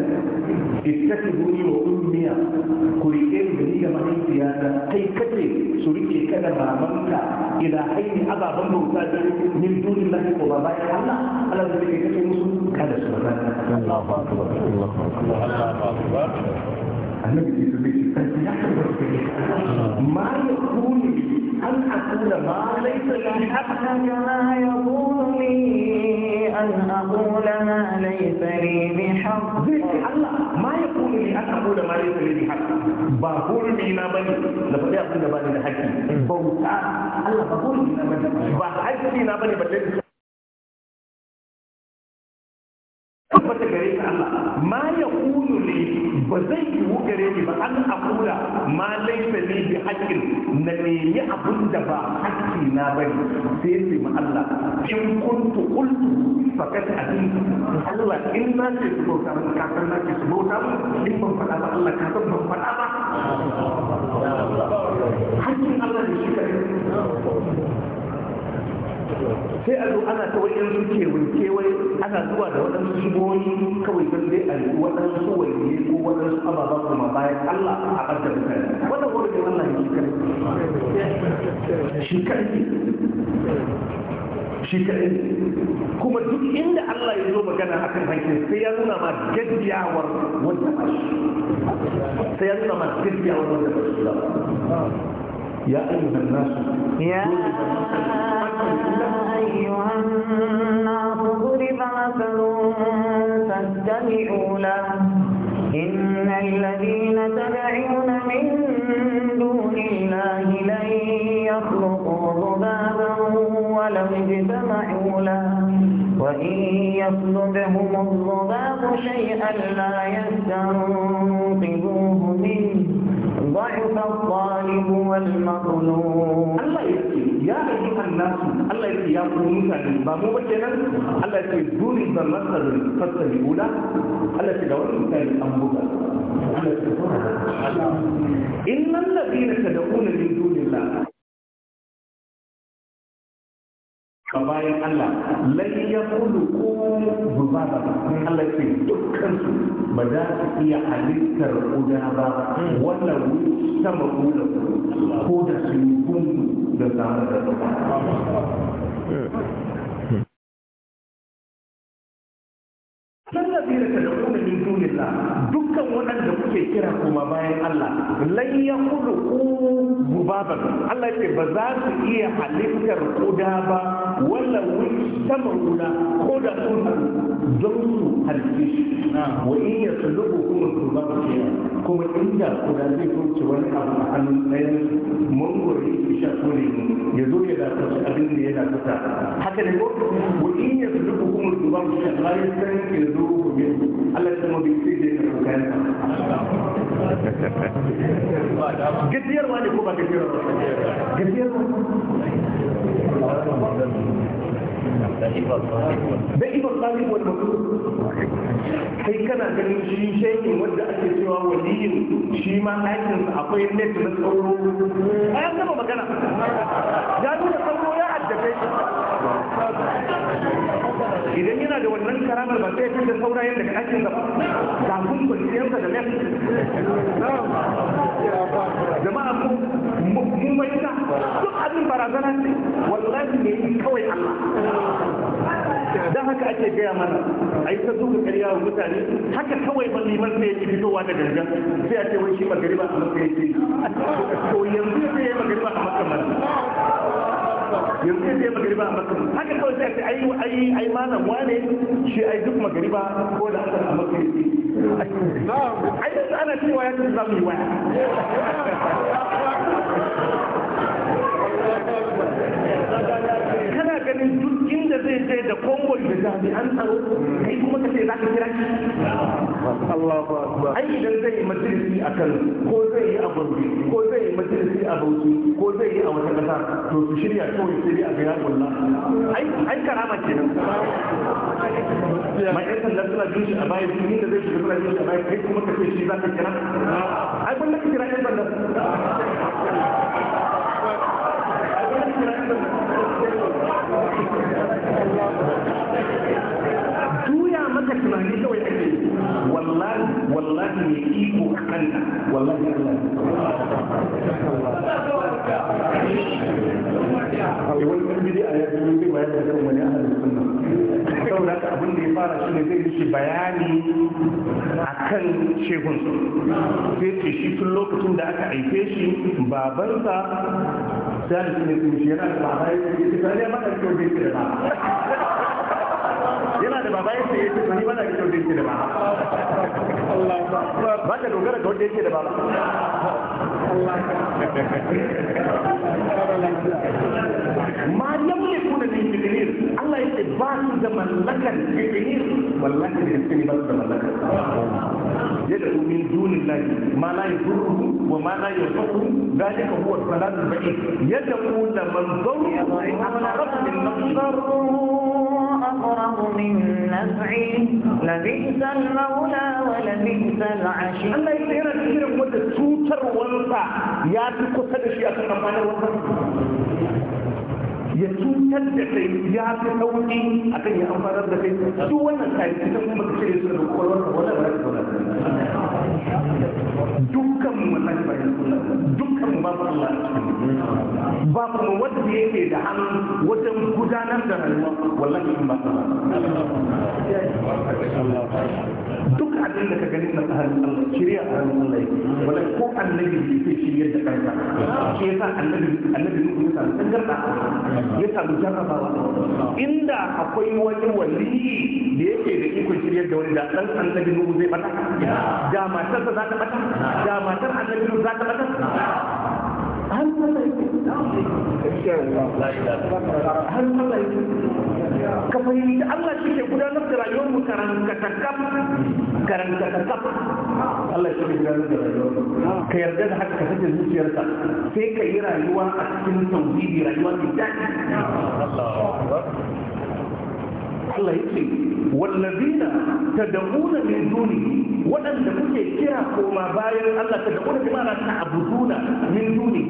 [SPEAKER 2] ittakhizuni wa ummiya ku rike ni da kai kace su rike ka da mamanka ila haini ababen bauta da min dunillah ko ba bayan Allah Allah zai kace musu kada su ba Allahu akbar Allahu akbar Allahu akbar annabi ke zube shi sarki ya tabbata ma ya kuni an akula ma laisa an ma laisa li bi haqq Allah ma ya kuni an ma laisa li bi haqq ba na bane abin da bani da haƙƙi bauta Allah ba na bane ba haƙƙi na bane ma ya kulu ne ba zai yi gare ni ba an akula ma laifin ne bi haƙƙin na nemi abin da ba haƙƙi na bane sai yi ma Allah in kuntu qultu faqad adintu Allah in na ce su bauta mun ka na ce su bauta mun in ban faɗa ba Allah ka ban faɗa ba sai a zo ana ta waɗansu kewai-kewai, ana zuwa da waɗansu shigoyi kawai don dai a yi waɗansu waje ko waɗansu ababa kuma bayan Allah a ɓarta mutane wannan wani da Allah ya shi kai shi kaɗai kuma duk inda Allah ya zo magana akan hankin sai ya nuna ma gaggiyawar wanda ba shi sai ya nuna ma gaggiyawar wanda ba shi يا أيها الناس يا
[SPEAKER 1] أيها الناس ضرب مثل فاستمعوا له إن الذين تدعون من دون الله لن يخلقوا ذبابا ولو اجتمعوا له وإن يطلبهم الضباب شيئا لا يستنقذوه منه ضعف الظالم والمظلوم
[SPEAKER 2] الله يكفي يا أيها الناس الله يكفي يا قوم بامو بكنا الله يكفي دوني بالمصدر القصة الأولى الله يكفي دور مثال أنبوكا إن الذين تدعون من دون الله
[SPEAKER 3] a bayan Allah lai ya kudu
[SPEAKER 2] ko zuba ba Allah ce dukkan su ba za su iya halittar kuda ba wannan wuri sama kuda ko da su yi gungu da zama da zama.
[SPEAKER 3] dunillah dukkan waɗanda kuke kira
[SPEAKER 2] kuma bayan Allah lan yakhluqu gubaban Allah ce ba za su iya halittar kuda ba wala wajtamuna ko da sun don su halitta shi ya in yasluqu kuma gubaban kuma inda kuda zai kauce wani abu a hannun ɗayan mangwari sha shakuri ya zo ya dafa shi abin da ya dafa haka ne ko ya in yasluqu kuma gubaban shi Allah ya san ke zo ku Allah ya san gajiyarwa ne ko ba gajiyarwa gajiyarwa da ibar tsari wanda kai kana ganin shi shekin wanda ake cewa waliyin shi ma aikinsa akwai net na tsoro a yan gaba magana ya nuna tsoro ya addabe idan yana da wannan karamar ba sai fi da saura yadda ka ake zama kafin kwanciyarsa da nan jama'a ko mummai ta duk abin barazana ce wallahi ne yi kawai Allah dan haka ake gaya mana a yi ta zuwa karya wa mutane haka kawai ba liman sai yake fitowa da gangan sai a ce wai shi magariba a matsayin to yanzu sai ya magariba a matsayin yanzu zai yi magariba a makka haka kawai sai ce ai ai wane shi duk magariba ko da aka ana cewa ya tafi zamu yi waya Thank you. ganin duk inda zai je da konvoy da jami'an tsaro kai kuma ka ce za ka kira shi Allahu akbar ai idan zai yi majalisi a kan ko zai yi a Bauchi ko zai yi majalisi a Bauchi ko zai yi a wata kasa to su shirya kawai sai dai a ga yakulla ai ai karama kenan mai yan sanda suna jin shi a baya su inda zai shiga suna jin shi a baya kai kuma ka ce shi za ka kira ai ban da ka kira yan sanda tunani kawai ake wallahi wallahi ne iko a wallahi Allah yi zai bayar ya fara shi zai mishi bayani a shehun sai shi tun lokacin da aka haife shi babansa da shi da baba yana da baba yace yace eh, to ni bana na ga wanda yake da baba ba ta dogara ga wanda yake da baba ma yamliku Allah ba su da da ba su da yadda ma wa ma
[SPEAKER 1] أقرب من نفعه لبئس المولى ولبئس العشير الله يسير كثير من
[SPEAKER 2] توتر ونفع يا تكوت الشيء أكثر ya cutar da kai ya fi sauƙi a kan ya amfanar da kai duk wannan sai kuma su da dukkan mu wallahi ba yan sunna dukkan mu babu Allah babu mu wanda yake da hannu wajen gudanar da rayuwa wallahi ba duk abin da ka gani na tsarin Allah shirya a ranar Allah yake wallahi ko annabi bai fi shirya da kanka shi yasa annabi annabi ne yasa samu tangarda ya samu jarrabawa inda akwai wani wali da yake da ikon shirya da wani da dan annabi ne zai bata da matar matarsa za ta bata da matar annabi Nuhu za ta bata ka fahimci Allah shi ke gudanar da rayuwar mu karanta karanta Allah shi ke gudanar da rayuwar ka yarda da haka ka sake zuciyarka sai ka yi rayuwa a cikin tauhidi rayuwa mai daɗi Allah ce wallazina tad'una min duni waɗanda kuke kira koma bayan Allah tad'una bi ma'ana ta'buduna min duni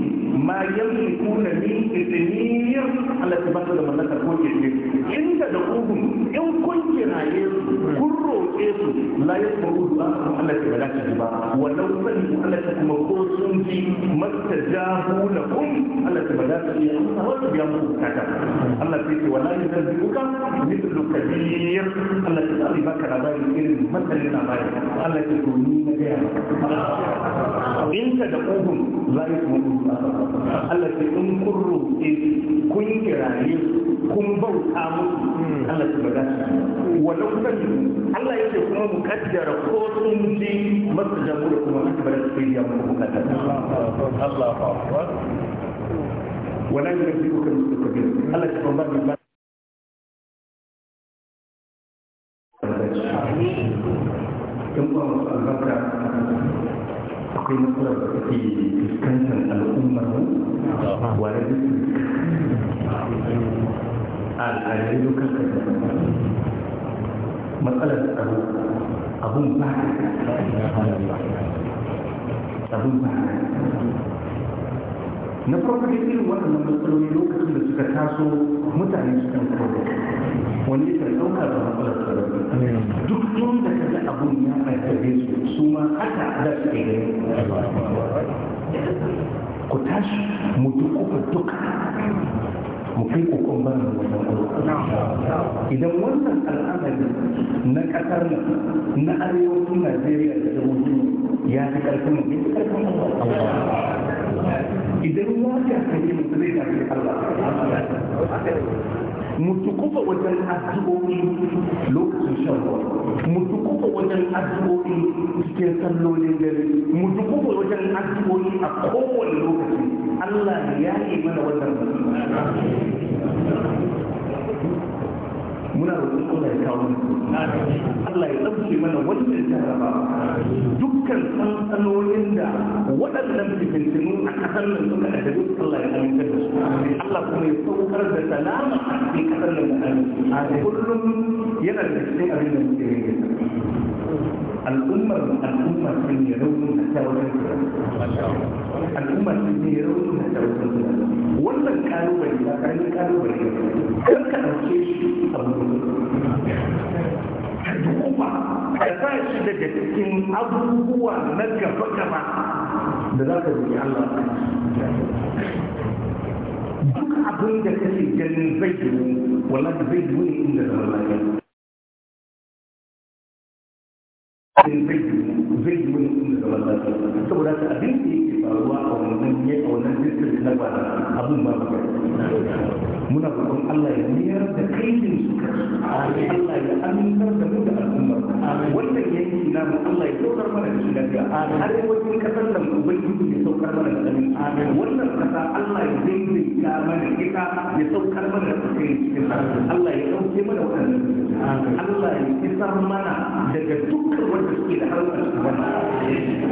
[SPEAKER 2] ma yamlikuna min ismiyir Allah ta da mallaka ko ke ce inda da in kun kiraye kun roƙe su la yasma'u Allah walau sani Allah ta kuma ko sun ji masta jahu na kun Allah ta bada su iya wasu biya Allah ta ce wala Allah ta tsari baka irin matsalin Allah ta ni na gaya da ƙugun za yi kuma Allah ta in kun kun bauta musu Allah ya ba dace walau sai Allah ya ce kuma mukaddara ko sun ji masu da kuma akbar sai ya mu mukaddara Allahu akbar
[SPEAKER 3] wala yunzikuka mustaqbil Allah ya ba
[SPEAKER 2] yan uwa masu albarka akwai matsalar da take fuskantar al'ummar mu wa al'adun dukkan ka matsalar tsaro abun ba abun ba na farko da irin waɗannan matsaloli lokacin da suka taso mutane su kan kawo wani ya kan ɗauka da matsalar tsaro duk inda ka ga abun ya aikata su su ma haka za su ke gani ku tashi mu duka duka mu kai ku kun ba mu wajen idan wannan al'amari na kasar mu na arewacin Najeriya da Jibuti ya fi karfin mu ya fi karfin Allah idan lafiya ta Allah mutu kufa wajen addu'o'i lokacin shan ruwa mutu kufa wajen addu'o'i cikin sallolin dare mutu kufa wajen addu'o'i a kowane lokaci Allah ya yi mana wannan muna roƙon Allah ya kawo Allah ya tsabce mana wannan jaraba dukkan tsantsanolin da waɗannan fitintinu a ƙasar nan suka adabi Allah ya aminta da su Allah kuma ya saukar da salama a cikin ƙasar nan da kullum yana da cikin abin da muke yi al'ummar al'ummar sun yi rauni a tawarin al'ummar sun yi rauni a tawarin wannan kalubale ba karamin kalubale kan ka ɗauke shi a duba ka sa shi daga cikin abubuwa na gaba gaba da za ka roƙi Allah duk abin da kake ganin zai yi wallahi zai yi ne inda zama lafiya
[SPEAKER 3] zai yi masallaci
[SPEAKER 2] saboda ta abin da yake faruwa a wannan ya a wannan district na bana abun ba ba muna roƙon Allah ya niyar da kaidin su Allah ya amintar da mu da al'umma wannan yanki na mu Allah ya saukar mana da shi daga arewacin kasar da mu ubangiji ya saukar mana da amin wannan kasa Allah ya daidaita mana ita ya saukar mana da kai cikin Allah ya dauke mana wannan Allah ya kisar mana daga dukkan wanda suke da harkar wannan sai mu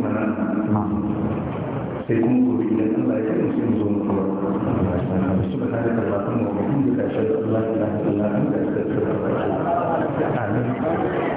[SPEAKER 2] kwana sai kuma gobe idan Allah ya kai sai mu zo mu kawar da kuma da da